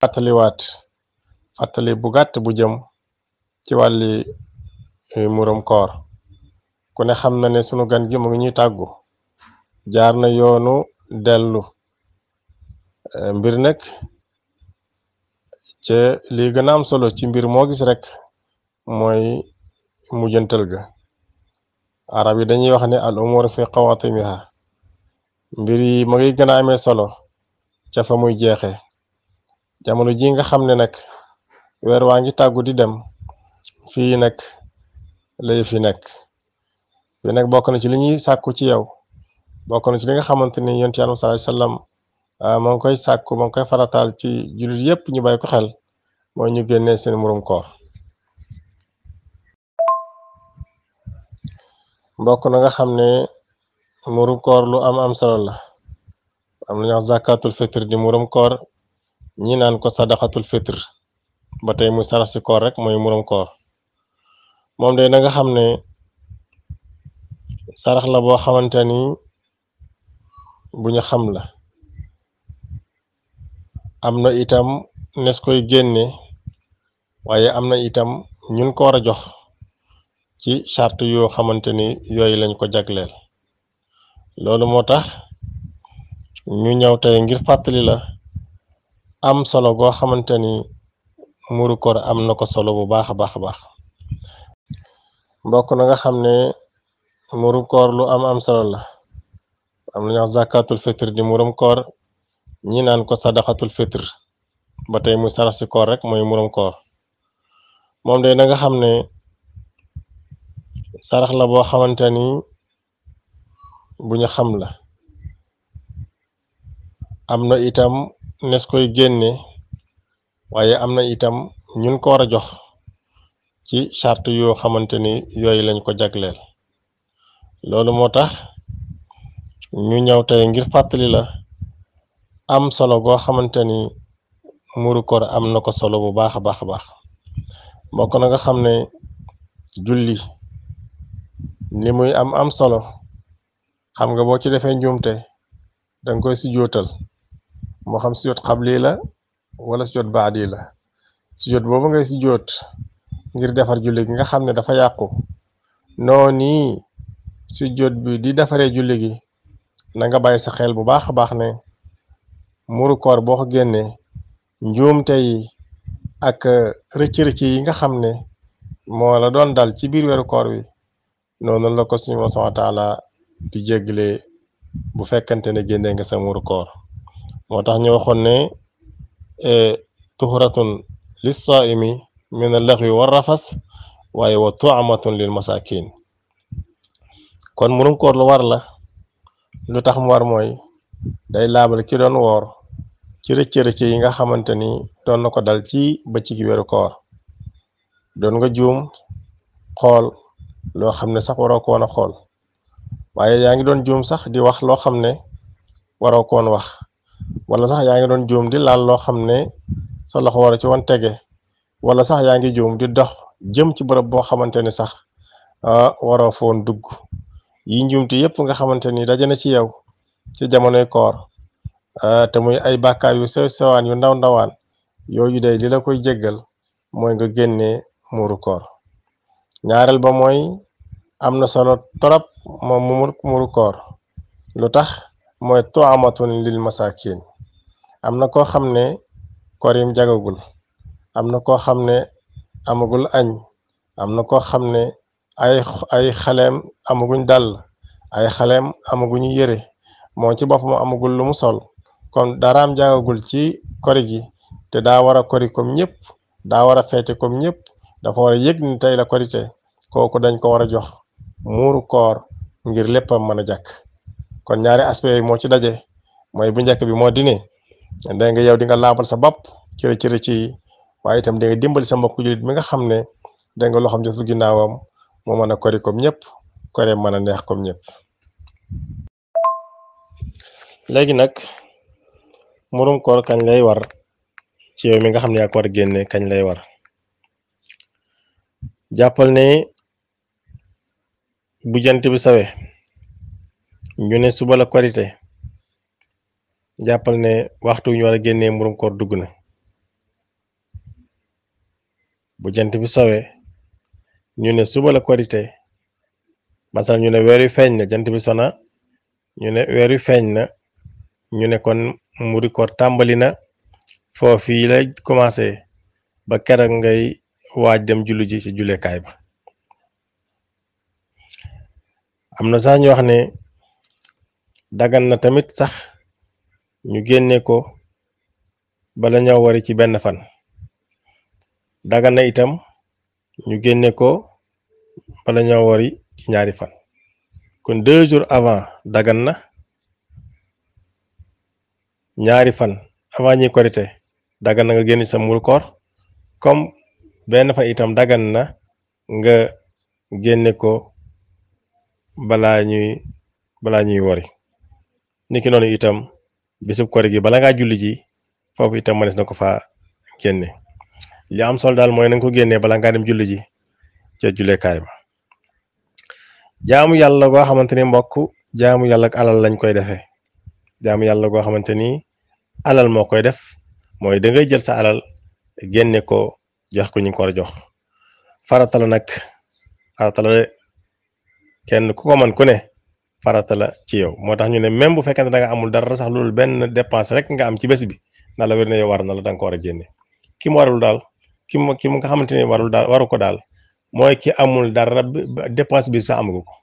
fàttaliwaat fàttali bu gàtt bu jëm ci wàlli eh, murum koor ku ne xam na ne sunu gan gi mu ngi ñuy tàggu jaar na yoonu dellu eh, mbir nag ce li gën a am solo ci mbir moo gis rek mooy mujjantal ga arab yi dañuy wax ne al umur fi xawatimiha mbir yi ma ngi gën a amee solo cafa muy jeexe jamono ji nga xam ne nag weer waa ngi tàggu di dem fii nag lay fi nekk fii nag bokk na ci li ñuy sàkku ci yow bokk na ci li nga xamante ni yonent yàlla sallallahu alayhi wasallam ah, moo ngi koy sàkku moo ngi koy farataal ci julit yépp ñu bàyyi ko xel mooy ñu génnee seen murum koor mbokk na nga xam ne murum koor lu am am solo la am lu ñuy wax zakatul di murum koor ñi naan ko sadaqatul fitr ba tey muy sarax si koor rek mooy murum koor moom de nanga xam ne sarax la boo xamante ni bu xam la am na itam nes koy génne waaye am na itam ñun ko war a jox ci charte yoo xamante ni yooyu lañ ko jagleel loolu moo tax ñu ñëw tey ngir fàttali la am solo goo xamante ni muru koor am na ko solo bu baax a baax a baax mbokk na nga xam ne muru koor lu am am solo la am na ñu wax zakatul fitr di naan ko sadaqatul fitr ba tey muy sarax rek mooy murum moom de na xam ne sarax la boo xamante ni bu ñu xam la itam nes koy génne waaye am na itam ñun ko war a jox ci charte yoo xamante ni yooyu lañ ko jagleel loolu moo tax ñu ñëw tey ngir fàttali la am solo goo xamante ni muuru koor am na ko solo bu baax a baax a baax mbokk na nga xam ne julli li muy am am solo xam nga boo ci defee njuumte danga koy si jóotal moo xam sujjóot xabli la wala sujjóot baadi la sujjóot boobu ngay sujjóot ngir defar julli gi nga xam ne dafa yàqu noonu sujjóot bi di defaree julli gi na nga bàyyi sa xel bu baax a baax ne muru boo ko génnee njuumte yi ak rëcc-rëcc yi nga xam ne moo la doon dal ci biir weeru koor wi noonu la ko suñu subhaanahu wa taala di jégle bu fekkante ne génnee nga sa muru moo tax ñu waxoon ne e, tuxratun lissaimi min allaxwi wa rafas waaye wa tuamatun lil masakin kon murum koor lu war la lu tax mu war mooy day laabal ki doon woor ci rëcc-rëcc yi nga xamante ni doon na ko dal ci bëccëg weeru koor doon nga juum xool loo xam ne sax waroo ko woon a xool waaye yaa ngi doon juum sax di wax loo xam ne waroo ko wax wala sax yaa ngi doon juum di laal loo xam ne sa loxo war a ci woon tege wala sax yaa ngi juum di dox jëm ci bërëb boo xamante ni sax ah, waroo foon dugg yi njuumte yëpp nga xamante ni daje na ci yow ci jamonoy koor ah, te muy ay bàkkaar yu sew sewaan yu ndaw ndawaan yooyu de li la koy jéggal mooy nga génne muuru koor ñaareel ba mooy am na solo torop moom mu koor lu tax mooy taamatun lil kiin am na koo xam ne korim jagagul am na koo xam ne amagul añ am na koo xam ne ay xaleem amaguñ dàll ay xaleem amaguñu yére moo ci boppam amagul lu mu sol kon daraam jagagul ci kori gi te daa war a kori comme ñëpp daa war a feete kom ñëpp dafa war a yëg ni tey la korite kooku dañ ko war a jox muuru koor ngir léppam mën a jàkk kon ñaari aspect yi moo ci daje mooy bu njëkk bi moo di ne nga yow di nga laabal sa bopp cëre cëre ci waaye tam di dimbali sa mbokku jullit mi nga xam ne da nga loo xam jotul ginnaawam moo mën a kori kom ñëpp kore mën a neex comme ñëpp. léegi nag murum koor kañ lay war ci yow mi nga xam ne yaa ko war kañ lay war jàppal ne bu bi sawe ñu ne suba la korite jàppal ne waxtu ñu wara a génnee mburum koor dugg na bu jant bi sowee ñu ne suba la korite masal ñu ne weer wi feeñ na jant bi sona ñu ne weer wi feeñ na ñu ne kon mburu koor tàmbali na foofii la commencé ba keroog ngay waaj dem jullu ji ci jullekaay ba am na sax ñu wax ne dagan na tamit sax ñu génne ko bala ñoo wari ci benn fan dagan na itam ñu génne ko bala ñoo wari ci ñaari fan kon deux jours avant dagan na ñaari fan avant ñi korite dagan na nga génn sa mbuur koor comme benn fan itam dagan na nga génne ko balaa ñuy balaa ñuy wari niki noonu itam bisub kori gi bala ngaa julli ji foofu itam manes na ko fa génne li am sol daal mooy na ko génnee bala ngaa dem julli ji ca jullekaay ba jaamu yàlla goo xamante ni mbokk jaamu yàlla ak alal lañ koy defee jaamu yàlla goo xamante ni alal moo koy def mooy da jël sa alal génne ko jeex ko ñu ko a jox farata la nag farata la kenn ku ko man ku ne farata la ci yow moo tax ñu ne même bu fekkee ne da nga amul dara sax loolu benn dépense rek nga am ci bés bi nala la wér ne yow war na la da nga ko war a génne ki mu warul daal ki mu ki mu nga xamante ne warul daal waru ko daal mooy ki amul dara dépense bi sax amagu ko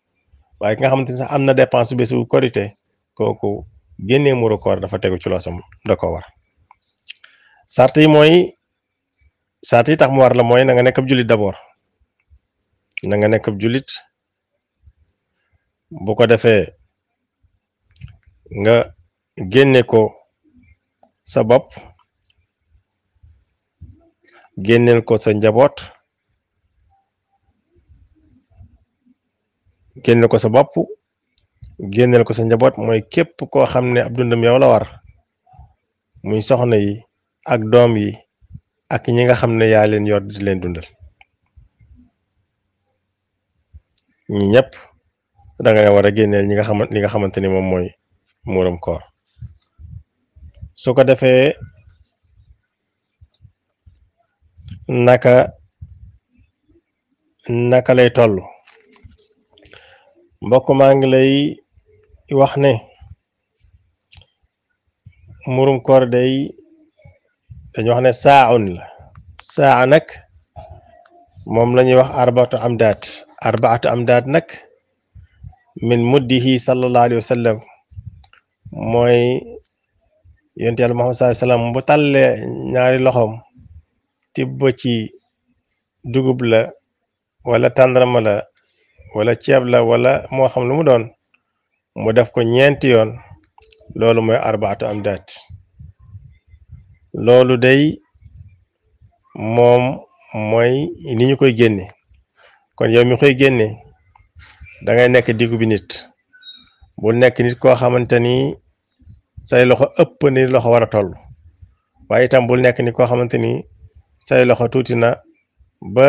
waaye ki nga xamante ne sax am na dépense bés bu korité kooku génne muru koor dafa tegu ci loosam da ko war sart yi mooy sart yi tax mu war la mooy na nga nekk ab jullit d'abord na nga nekk ab bu ko defee nga génne ko sa bopp génneel ko sa njaboot génneel ko sa bopp génneel ko sa njaboot mooy képp koo xam ne ab dundam yow la war muy soxna yi ak doom yi ak ñi nga xam ne yaa leen yor di leen dundal ñi ñëpp da ngay war a génneel ñi nga xamante li nga xamante ni moom mooy muuram koor su ko defee naka naka lay toll mbokk maa ngi lay wax ne murum koor day dañu wax ne saaun la saa nag moom la ñuy wax arbaatu am daat arbaatu am daat nag min muddihi sallallahu alayhi wa sallam mooy yonent yàlla Muhammad sallallahu alayhi wa bu tàllee ñaari loxoom tibb ci dugub la wala tàndarma la wala ceeb la wala moo xam lu mu doon mu def ko ñeenti yoon loolu mooy arbaatu am daat loolu day moom mooy ni ñu koy génne kon yow mi koy génne da ngay nekk diggu bi nit bu nekk nit koo xamante ni say loxo ëpp ni loxo war a toll waaye itam bul nekk nit koo xamante ni say loxo tuuti na ba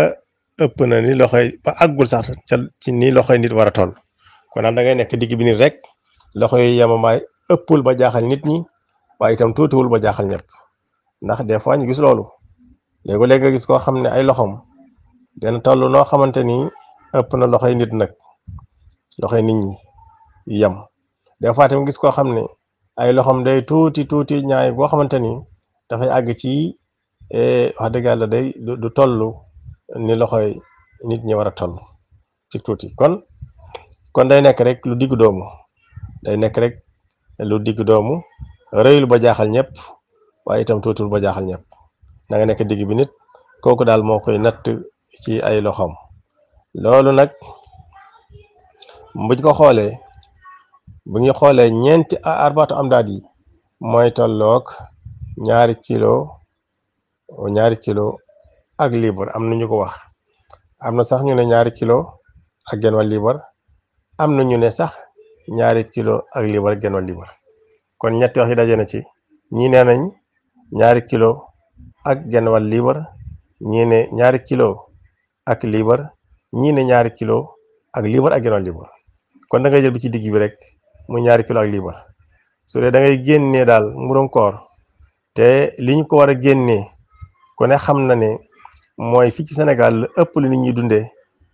ëpp na ni loxoy ba àggul sax ca ci ni loxo nit war a toll kon daal da ngay nekk digg bi nit rek loxo yi may ëppul ba jaaxal nit ñi waaye itam tuutiwul ba jaaxal ñëpp ndax des fois ñu gis loolu léegi léegi nga gis koo xam ne ay loxoom dana toll noo xamante ni ëpp na loxoy nit nag loxo nit ñi yem des fois tamit gis koo xam ne ay loxoom day tuuti tuuti ñaay boo xamante ni dafay àgg ci eh, wax dëgg yàlla day du tollu ni loxoy nit ñi war a toll ci tuuti kon kon day nekk rek lu digg doomu day nekk rek lu digg doomu rëyul ba jaaxal ñépp waaye itam tuutul ba jaaxal ñépp danga nga nekk digg bi nit kooku daal moo koy natt ci ay loxoom loolu nag buñ ko xoolee bu ñu xoolee ñeenti arbaatu am yi mooy tolloog ñaari kilo ñaari kilo ak liibar am na ko wax am na sax ñu ne ñaari kilo ak genn wàll am na ñu ne sax ñaari kilo ak liibar ak genn wàll liibar kon ñetti wax yi daje na ci ñii nee nañ ñaari kilo ak genn wàll liibar ñii ne ñaari kilo ak liibar ñii ne ñaari kilo ak liibar ak genn wàll liibar kon da ngay jël bi ci digg bi rek mu ñaari kilo ak liibar su dee dangay génnee daal mburum koor te li ñu ko war a génnee ku xam na ne mooy fii ci senegal la ëpp lu nit ñi dundee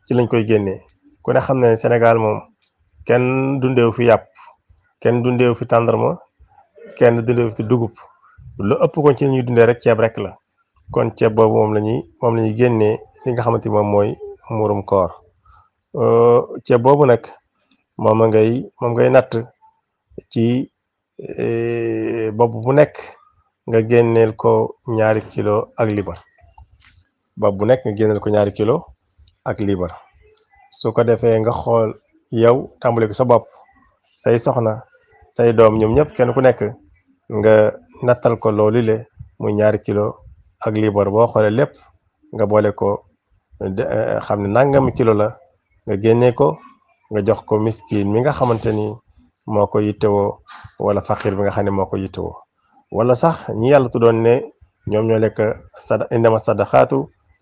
ci lañ koy génnee kone xam na ne Sénégal moom kenn dundeewu fi yàpp kenn dundeewu fi tàndarma kenn dundeewu fi dugub lu ëpp ko ci la dundee rek ceeb rek la kon ceeb boobu moom lañuy moom lañuy génnee li nga xamante moom mooy mburum koor ceeb boobu nag. mooma ngay moom ngay natt ci e, bob bu nekk nga génneel ko ñaari kilo ak libar bopp bu nekk nga ko ñaari kilo ak libar su ko defee nga xool yow tàmbale ko sa bopp say soxna say doom ñoom ñëpp kenn ku nekk nga nattal ko loolu le muy ñaari kilo ak libar boo xoolee lépp nga boole ko e, xam ne nangami kilo la nga génnee ko nga jox ko miskin mi nga xamante ni moo ko yittewoo wala faqir bi nga xam ne moo ko yittewoo wala sax ñi yàlla doon ne ñoom ñoo lekk sada indama sadaqaatu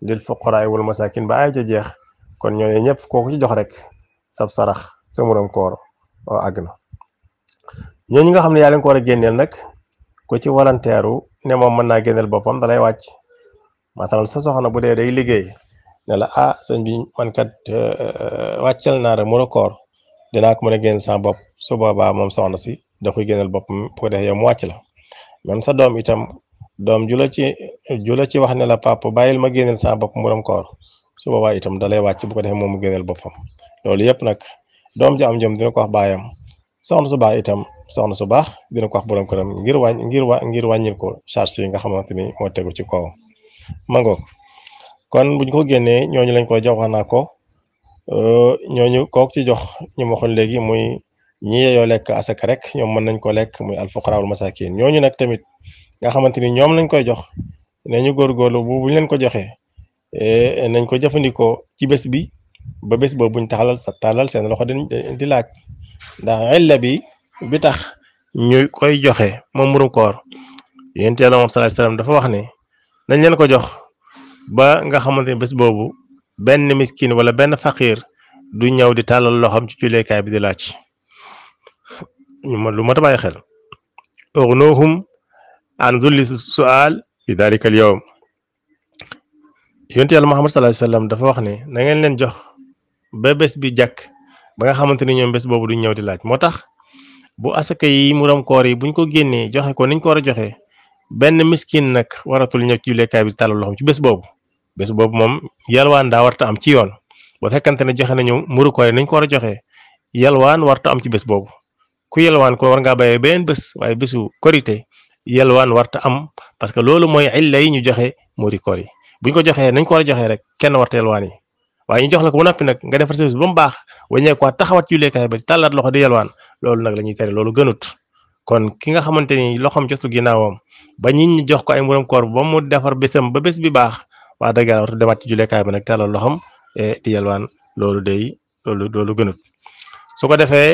lil fuqaraay wal masakin ba ay ca jeex kon ñooñu ñëpp kooku ci jox rek sab sarax sa muram koor oo àgg na ñooñu nga xam ne yaa leen ko a génneel nag ku ci volontaire ne moom mën naa génneel boppam dalay wàcc masalan sa soxna bu dee rek liggéey ne la ah sëñ bi man kat euh, euh, wàccal naa rek mën koor dinaa ko mën a génn sa bopp su boobaa moom soxna si da koy génnal boppam bu ko defee yow mu wàcc la même sa doom itam doom jula ci jula la ci wax ne la papa bàyyil ma génneel sa bopp mu koor su boobaa itam da lay wàcc bu ko defee moom mu génneel boppam loolu yëpp nag doom ju am jom dina ko wax baayam soxna su baax itam soxna su baax dina ko wax borom këram ngir wàññ ngir ngir wàññil ko charge yi nga xamante ni moo tegu ci kawam mango kon buñ ko génnee ñooñu lañ ko jox wax naa ko euh, ñooñu kook ci jox ñu ma waxoon léegi muy ñi yeyoo lekk asaka rek ñoom mën nañ ko lekk muy alfuqara wal masakin ñooñu nag tamit nga xamante ni ñoom lañ koy jox ne ñu góorgóorlu bu buñ leen ko joxee eh, nañ ko jëfandikoo ci bés bi ba bés bo buñ taxalal sa taalal seen loxo di laaj ndax illa bi bi tax ñu koy joxe moom murum koor yéen teel a dafa wax ne nañ leen ko jox. ba nga xamante bés boobu benn miskin wala benn faqiir du ñëw di tàllal loxam ci julleekaay bi di laaj ñu ma lu ma ta bàyyi xel ugnuhum an zulli su'al fi dalika al yawm yonte yàlla Muhammad sallallahu alayhi wasallam dafa wax ne nangeen leen jox ba bés bi jàkk ba nga xamante ni ñoom bés boobu duñ ñëw di laaj moo tax bu asaka yi muram koor yi buñ ko génnee joxe ko niñ ko a joxe benn miskin nag waratul ñëw ci jullekaay bi tàllal loxoom ci bés boobu bés boobu moom yalwaan daa warta am ci yoon bu fekkante ne joxe nañu muru koor nañ ko war a joxe yalwaan warta am ci bés boobu ku yalwaan ko war ngaa bàyyee beneen bés waaye bésu korite yalwaan warta am parce que loolu mooy illa yi ñu joxe muri koor yi buñ ko joxee nañ ko war a joxee rek kenn warta yalwaan yi waaye ñu jox la ko ba noppi nag nga defar service ba mu baax waññeekuwaat taxawat jullekaay ba tàllaat loxo di yalwaan loolu nag la ñuy tere loolu gënut kon ki nga xamante ni loxoom jotul ginnaawam ba nit ñi jox ko ay mburum koor ba mu defar bésam ba bés bi baax waa da yàlla wartu demaat ci julekaay bi nag tàllal loxoom e di yalwaan loolu day loolu loolu su ko defee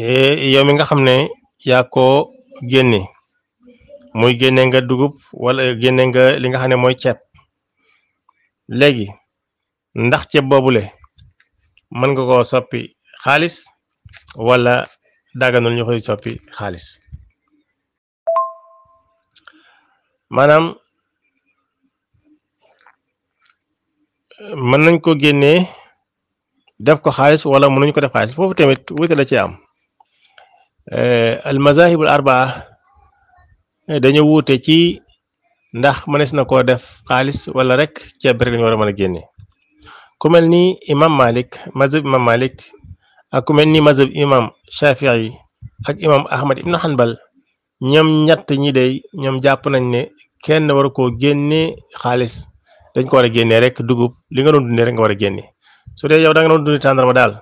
e yow mi nga xam ne yaa ko génne muy génne nga dugub wala génne nga li nga xam ne mooy ceeb léegi ndax ceeb boobule mën nga koo soppi xaalis wala dagganul ñu koy soppi xaalis maanaam mën nañ ko génnee def ko xaalis wala mënuñ ko def xaalis foofu tamit wute la ci am euh, al mazahibul arbaa dañoo wuute ci ndax mënees na koo def xaalis wala rek ceeb bi rek lañu war a mën génne ku mel ni imam malik mazhab imam malik ak ku mel ni mazhab imam yi ak imam Ahmad ibn Hanbal ñoom ñett ñi dey ñoom jàpp nañ ne kenn war koo génne xaalis dañ ko war a génnee rek dugub li nga doon dundee rek nga war a génne su dee yow da nga doon dundee tàndarma daal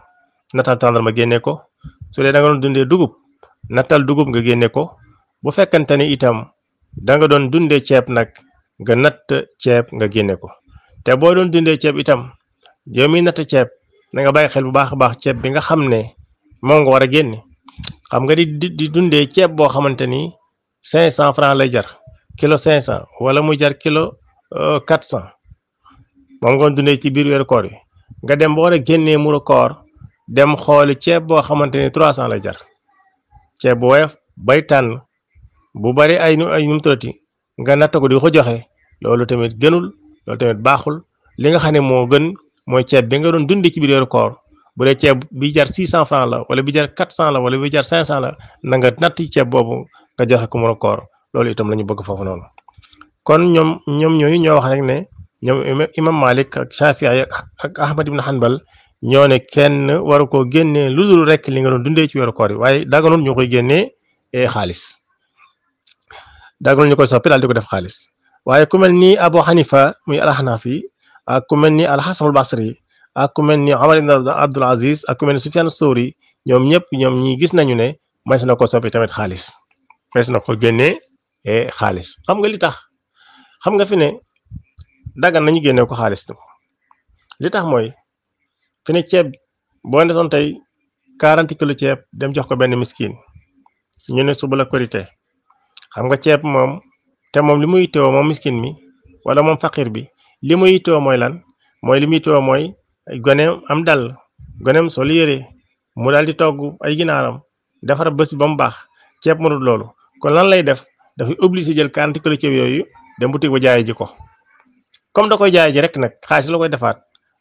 nattal tàndarma génne ko su dee da nga dundee dugub nattal dugub nga génnee ko bu fekkante ni itam da nga doon dundee ceeb nag nga natt ceeb nga génne ko te boo doon dundee ceeb itam yow mi natt ceeb nanga bàyyi xel bu baax a baax ceeb bi nga xam ne moom nga war a génne xam nga di di dundee ceeb boo xamante ni cinq cent franc lay jar kilo cinq cent wala mu jar kilo euh, quatre cent moom nga dundee ci biir weeru koor yi nga dem ba war a génnee muru koor dem xooli ceeb boo xamante ni trois cent lay jar ceeb bu woyof bay tànn bu bari ay nu num tuddati nga natt ko di ko joxe loolu tamit gënul loolu tamit baaxul li nga xam ne moo gën mooy ceeb bi nga doon dundee ci biir weeru koor bu dee ceeb bi jar 600 francs la wala bi jar 400 la wala bi jar 500 la na nga natt ceeb boobu nga joxe ko mu koor loolu itam la ñu bëgg foofu noonu kon ñoom ñoom ñooyu ñoo wax rek ne ñoom imam malik ak shafii ak ahmad ibn hanbal ñoo ne kenn waru koo génnee lu dul rek li nga doon dundee ci weeru koor yi waaye daganul ñoo koy génnee eh, xaalis daganul ñu koy soppi daal def xaalis waaye ku ak ku mel ni alxasanul basri ak ku mel ni omar ibn abdul aziz ak ku mel ni sufyaan sóori ñoom ñëpp ñoom ñi gis nañu ne mas na ko soppi tamit xaalis mas na ko génnee xaalis xam nga li tax xam nga fi ne daggan nañu génne ko xaalis li tax mooy fi ne ceeb boo ne doon tey quarante kilo ceeb dem jox ko benn miskin ñu ne suba la korité xam nga ceeb moom te moom li muy teewoo moom miskin mi wala moom faqir bi li mu yittoo mooy lan mooy li mu yittoo mooy goneem am dal goneem sol yére mu dal di togg ay ginaaram defar bés ba mu baax ceeb mënut loolu kon lan lay def dafay obligé jël quarante kilo ceeb yooyu dem boutique ba jaay ji ko comme da koy jaay ji rek nag xaalis la koy defaat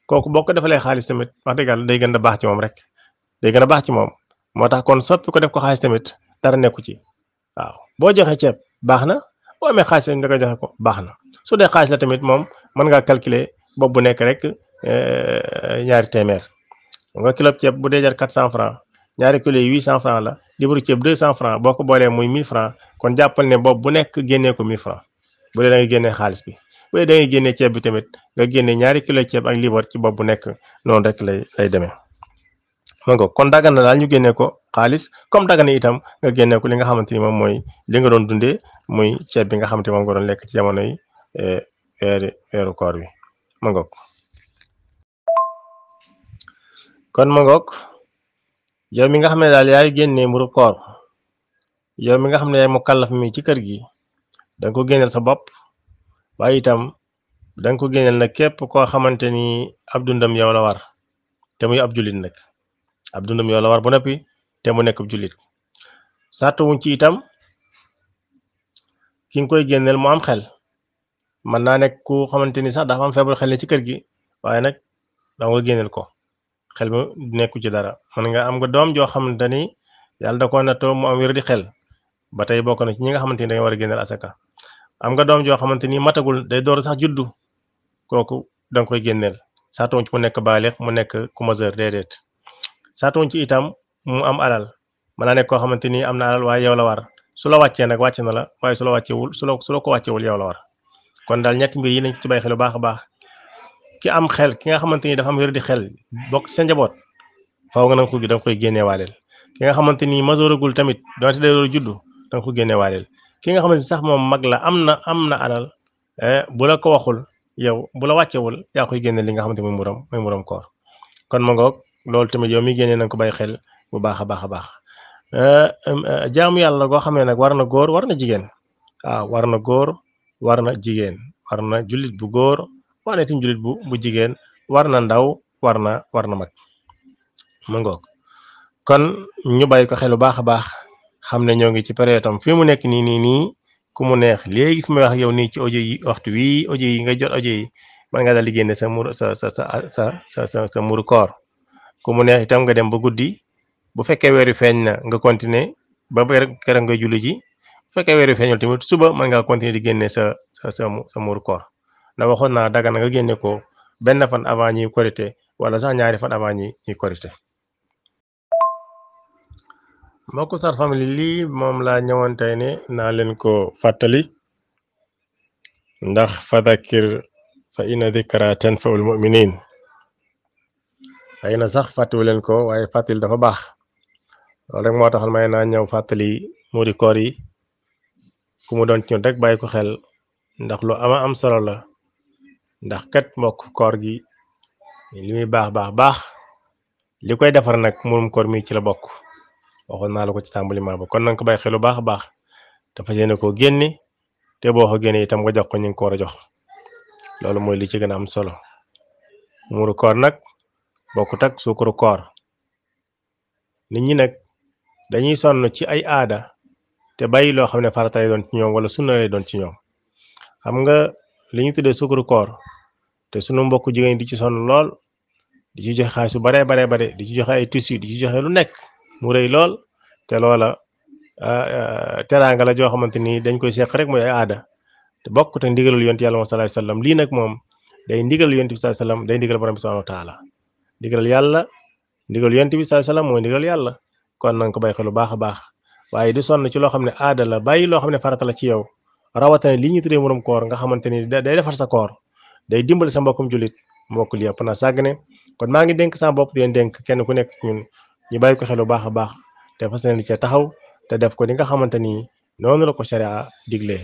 kooku boo ko defalee xaalis tamit wax dëgg yàlla day gën a baax ci moom rek day gën a baax ci moom moo tax kon soppi ko def ko xaalis tamit dara nekku ci waaw boo joxe ceeb baax na boo amee xaalis nga koy joxe ko baax na su dee xaalis tamit moom mën ngaa calculer bopp bu nekk rek euh, ñaari téeméer nga kilo ceeb bu dee jar quatre cent franc ñaari kilo yi huit cent franc la libre ceeb deux cent franc boo ko boolee muy mille kon jàppal ne bopp bu nekk génnee ko mille bu dee da nga génnee xaalis bi bu dee da génnee ceeb bi tamit nga génne ñaari kilo ceeb ak libre ci bopp bu nekk noonu rek lay lay demee ma nga kon daggan na daal ñu génnee ko xaalis comme daggan itam nga génnee ko li nga xamante ni moom mooy li nga doon dundee muy ceeb bi nga xamante moom nga doon lekk ci jamono yi euh, weeri weeru koor wi ma ngoog kon ma ngoog yow mi nga xam ne daal yaay génne mburu koor yow mi nga xam ne yaay mu kàllaf mi ci kër gi danga ko génneel sa bopp waaye itam danga ko génneel na képp koo xamante ni ab dundam yow war te muy ab jullit nag ab dundam yow war bu noppi te mu nekk ab jullit sartu wuñ ci itam ki nga koy génneel mu am xel mën naa nekk ku xamante ni sax dafa am feebar xel ci kër gi waaye nag da nga génneel ko xel mu nekku ci dara mën nga am nga doom joo xamante ni yàlla da ko nattoo mu am wér di xel ba tey bokk na ci ñi nga xamante ni war a génneel asaka am nga doom joo xamante ni matagul day door sax juddu kooku da koy génneel saatoon ci mu nekk baaleex mu nekk ku majeur déedéet saatoon ci itam mu am alal mën naa nekk koo xamante ni am na alal waaye yow la war su la wàccee nag wàcc na la waaye su la wàccewul su la su la ko wàccewul yow la war kon daal ñetti mbir yi nañ ci bàyyi xel bu baax a baax ki am xel ki nga xamante ni dafa am wér di xel bokk ci sa njaboot faaw nga nanga ko da nga koy génnewaaleel ki nga xamante ni masooragul tamit donte day juddu da nga ko génnewaaleel ki nga xamante ni sax moom mag la am na am na alal eh, bu la ko waxul yow bu la wàccewul yaa koy génne li nga xamante ni mooy muram mooy muram koor kon ma loolu tamit yow mi génne na ko bàyyi xel bu baax a baax a baax eh, eh, jaamu yàlla goo xamee nag war na góor war na jigéen waaw war na war na jigéen war na jullit bu góor war na bu bu jigéen war na ndaw war na war na mag ma kon ñu bàyyi ko xel bu baax a baax xam ne ñoo ngi ci période am fii mu nekk nii nii nii ku mu neex léegi fi may wax yow nii ci audio yi waxtu wi audio yi nga jot audio yi mën nga daal di sa mur sa sa sa sa sa sa ku mu neex itam dem ba guddi bu fekkee weeru feeñ na nga continuer ba keroog nga julli ji fekkee weer wi feeñul tamit suba mën ngaa continuer di génne sa sa sa sa muur koor na waxoon naa daga na nga génne ko benn fan avant ñuy korité wala sax ñaari fan avant ñi ñuy korité mbokku Sar Family lii moom laa ñëwoon tey ne naa leen ko fàttali ndax fadakir fa ina dikra tanfaul muminin xëy na sax fàttiwu leen ko waaye fàttali dafa baax loolu rek moo taxal may naa ñëw fàttali muuri koor yi ku mu doon ci ñun rek bàyyi ko xel ndax lu ama am solo la ndax kat mbokk koor gi li muy baax baax baax li koy defar nag moom koor mi ci la bokk waxoon naa la ko ci tàmbali maa ba kon nanga ko bàyyi xel baax a baax dafa yéene koo génne te boo ko génne itam nga jox ko ñu ngi ko war a jox loolu mooy li ci gën a am solo muuru koor nag bokkut ak suukaru koor nit ñi nag dañuy sonn ci ay aada te bàyyi loo xam ne farata lay doon ci ñoom wala sunna lay doon ci ñoom xam nga li ñu tuddee sukkaru koor te sunu mbokk jigéen di ci sonn lool di ci joxe xaalis su baree baree bare di ci joxe ay tissu di ci joxe lu nekk mu rëy lool te loola ah, ah, teraanga la joo xamante ni dañ koy seq rek mooy aada te bokk te ndigalul yonent yàlla moom sallallahu alayhi lii nag moom day ndigal yonent bi sallallahu alayhi day ndigal borom bi subhanahu wa taala ndigal yàlla ndigal yonent bi sallallahu alayhi wasallam mooy ndigal yàlla kon nanga ko bàyyi lu baax a baax waaye di sonn ci loo xam ne aadala bàyyi loo xam ne farata la ci yow rawatina li ñu tuddee murum koor nga xamante ni day defar sa koor day dimbali sa mbokkum jullit mbokk li yëpp na sàgg ne kon maa ngi dénk sa bopp di leen dénk kenn ku nekk ñun ñu bàyyi ko xel bu baax a baax te fas yéene cee taxaw te def ko ni nga xamante ni noonu la ko sharia diglee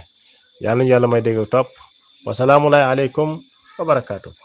yal nañu yàlla may dégg topp wasalaamu aleykum wa barakaatu.